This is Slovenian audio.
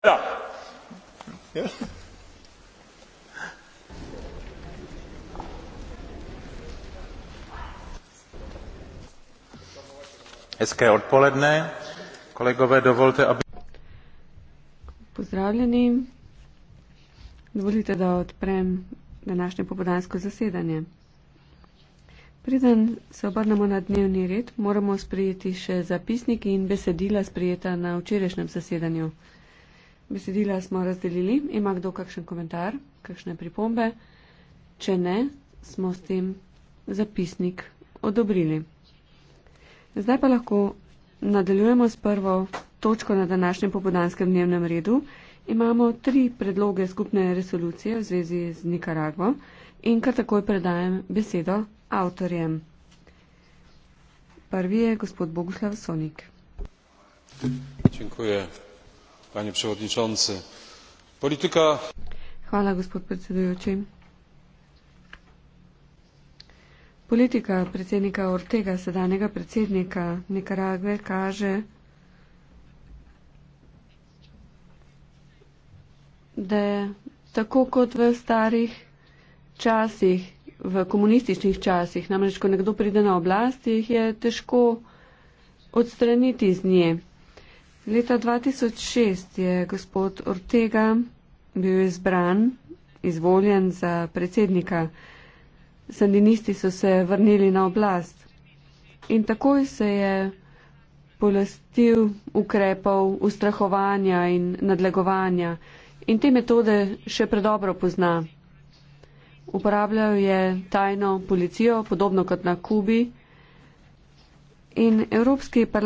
Ja. Hezké odpoledne, kolegové, dovolte, aby... Pozdravljeni, dovolite, da odprem današnje popodansko zasedanje. Preden se obrnemo na dnevni red, moramo sprejeti še zapisnik in besedila sprejeta na včerajšnjem zasedanju. Besedila smo razdelili. Ima kdo kakšen komentar, kakšne pripombe? Če ne, smo s tem zapisnik odobrili. Zdaj pa lahko nadaljujemo s prvo točko na današnjem popodanskem dnevnem redu. Imamo tri predloge skupne resolucije v zvezi z Nikaragvo in kar takoj predajem besedo avtorjem. Prvi je gospod Boguslav Sonik. Dziękuję panie przewodniczący polityka Hvala, gospod predsedujoči. Politika predsednika Ortega, sedanjega predsednika Nikaragve, kaže, da je tako kot v starih časih, v komunističnih časih, namreč ko nekdo pride na oblast, jih je težko odstraniti iz nje. Leta 2006 je gospod Ortega bil izbran, izvoljen za predsednika. Sandinisti so se vrnili na oblast in takoj se je polastil ukrepov ustrahovanja in nadlegovanja in te metode še predobro pozna. Uporabljal je tajno policijo, podobno kot na Kubi. In Evropski parlament.